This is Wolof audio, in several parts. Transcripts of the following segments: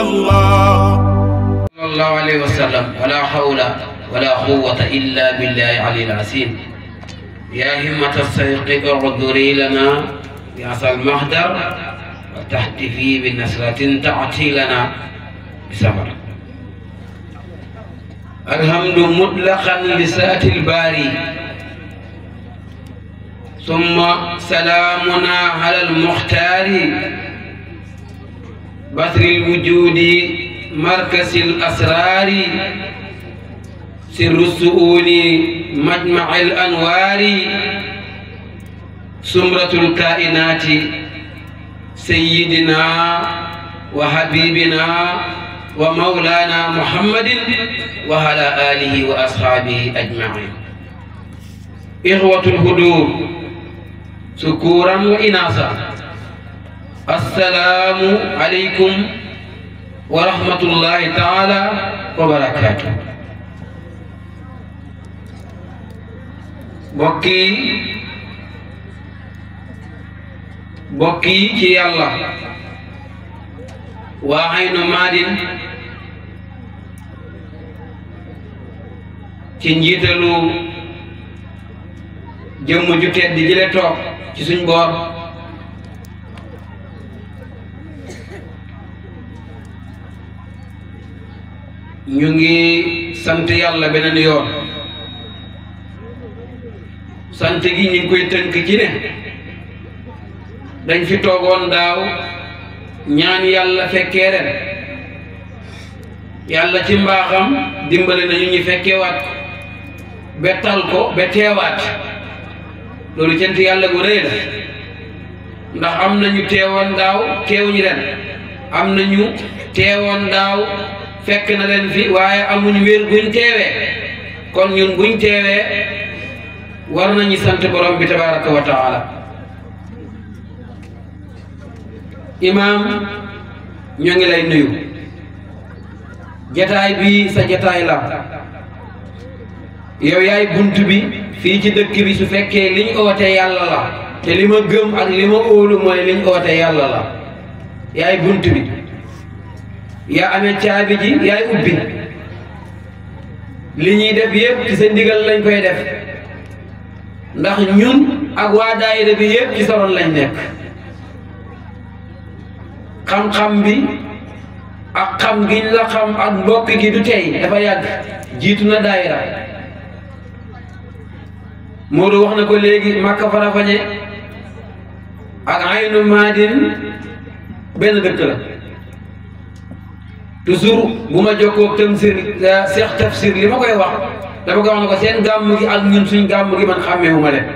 الله صلى الله عليه وسلم ولا حول ولا قوة إلا بالله علي العظيم يا همة السيقظ اعذري لنا يا المهدر وتحتفي بنسرة تعطي لنا بسمر الحمد مطلقا لسات الباري ثم سلامنا على المختار بدر الوجود مركز الأسرار سر السؤون مجمع الأنوار سمرة الكائنات سيدنا وحبيبنا ومولانا محمد وعلى آله وأصحابه أجمعين إخوة الهدوء سكورا وإناثا assalaamu aleykum wa rahmatullahi taala wa barakaatu mbokk ci yàlla waa Aynu Maadin ci njiitalu jëmm ju tedd di toog ci suñ boor ñu ngi sant yàlla beneen yoon sant gi ñu ngi koy tënk ci ne dañ fi toogoon daaw ñaan yàlla fekkee ren yàlla ci mbaaxam dimbale nañu ñuy fekkeewaat ba tal ko ba teewaat loolu cant yàlla bu rëy la ndax am nañu teewoon daaw teewuñu ren am nañu teewoon daaw fekk na leen fi waaye amuñ wér buñ teewee kon ñun buñ teewee war nañu sant borom bi tabaraka wa taala imaam ñoo ngi lay nuyu jataay bi sa jataay la yow yaay bunt bi fii ci dëkk bi su fekkee liñ oote yàlla la te li ma gëm ak li ma óolu mooy liñ oote yàlla la yaay bunt bi yaa amee caabi ji yaay ubbi li ñuy def yëpp ci sa ndigal lañ koy def ndax ñun ak waa daayira bi yëpp ci soloon lañ nekk xam-xam bi ak xam giñ la xam ak mbokk gi du tey dafa yàgg jiitu na daayira Modou wax na ko léegi Makka Farafeñe ak Aynu Maadin benn dëkk la toujours bu ma jokkoo tamsir eh, Cheikh Tafsir li ma koy wax dafa koy wax ne ko seen gàmm gi ak ñun suñ gàmm gi man xàmmeewu ma leen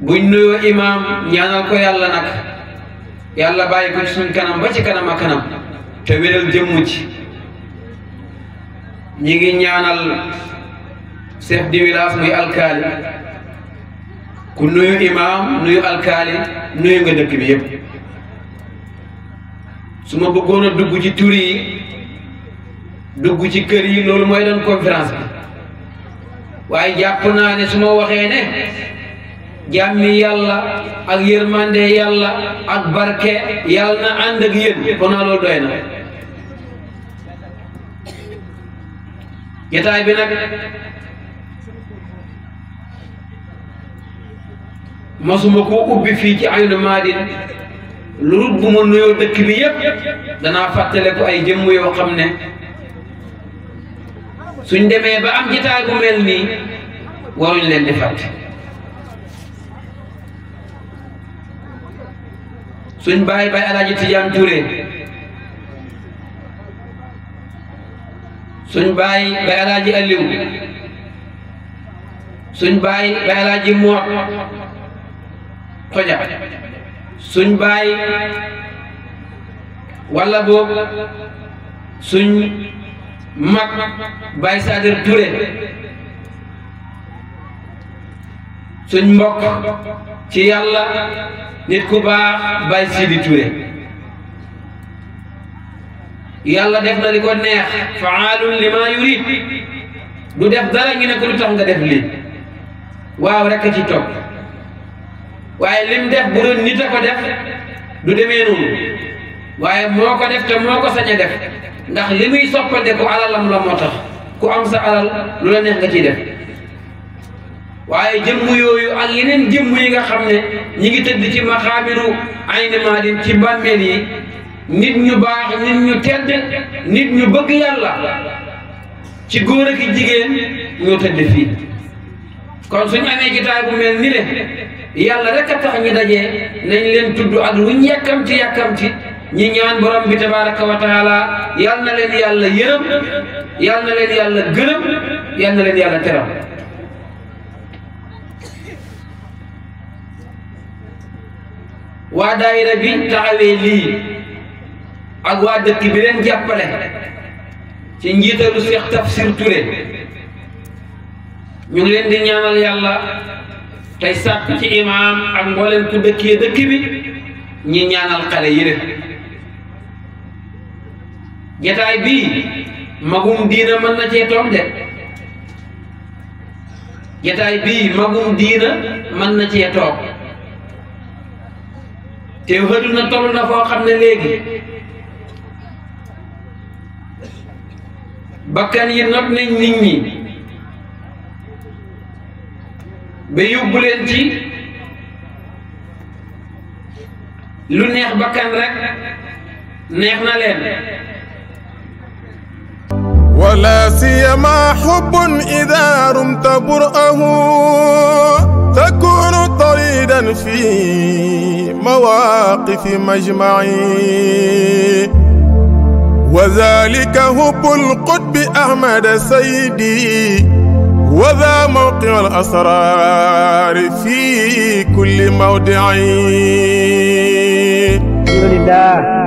buñ imaam ñaanal ko yàlla nag yàlla bàyyi ko ci suñ kanam ba ci kanam a kanam te wéral jëmm ci ñi ngi ñaanal chef de village muy alkaali ku nuyu imaam nuyu alkaali nuyu nga dëkk bi yëpp suma ma bëggoon a dugg ci tur yi dugg ci kër yi loolu mooy doon conférence bi waaye jàpp naa ne su waxee ne jàmmi yàlla ak yërmande yàlla ak barke yàlla na ànd ak yéen kon naa loolu doy na jataay bi nag masuma ko ubbi fii ci lu rut bu ma nuyoo dëkk bi yëpp danaa fàttale ko ay jëmm yoo xam ne suñ demee ba am jitaay bu mel nii waruñ leen di fàtte suñ bàyyi bay alaaji Tijaan Ture suñ bàyyi bay alaaji Aliw suñ bàyyi bay alaaji Moot Xoja suñ bàyyi wala boog suñ mag baay Sadir Touré suñ mbokk ci yàlla nit ku baax baay Sidi Touré yàlla def na li ko neex faalun lima yurid du def dara ngi ne ko lu tax nga def lii waaw rek ci topp waaye lim def bu doon nit a ko def du demee noonu waaye moo ko def te moo ko sañ a def ndax li muy soppante ku alalam la moo tax ku am sa alal lu la neex nga ciy def waaye jëmm yooyu ak yeneen jëmm yi nga xam ne ñi ngi tëdd ci maxaabiru ayni maadin ci bàmmeel yi nit ñu baax nit ñu tedd nit ñu bëgg yàlla ci góor ak jigéen ñoo tëdd fii kon suñu amee jotaay bu mel ni le yàlla rek a tax ñu dajee nañ leen tudd ak luñ yàkkamti yàkkamti ñi ñaan borom bi tabaraka wa taala yal na leen yàlla yërëm yal na leen yàlla gërëm yal na leen yàlla teram waa daayira bi taxawee lii ak waa dëkk bi leen jàppale ci njiitalu Cheikh Tafsir Touré ñu ngi leen di ñaanal yàlla tey sàkk ci imaam ak mbooleen ku dëkkee dëkk bi ñi ñaanal xale yële jataay bii magum diina mën na cee toog de jataay bii magum diina mën na cee toog te xëdu na toll na foo xam ne léegi bakkan yi not nañ nit ñi ba yóbbu leen ci lu neex bakkan rek ولا سيما حب إذا رمت برأه تكون طريدا في مواقف مجمعي وذلك هب القطب أحمد سيدي وذا موقع الأسرار في كل موضع الحمد لله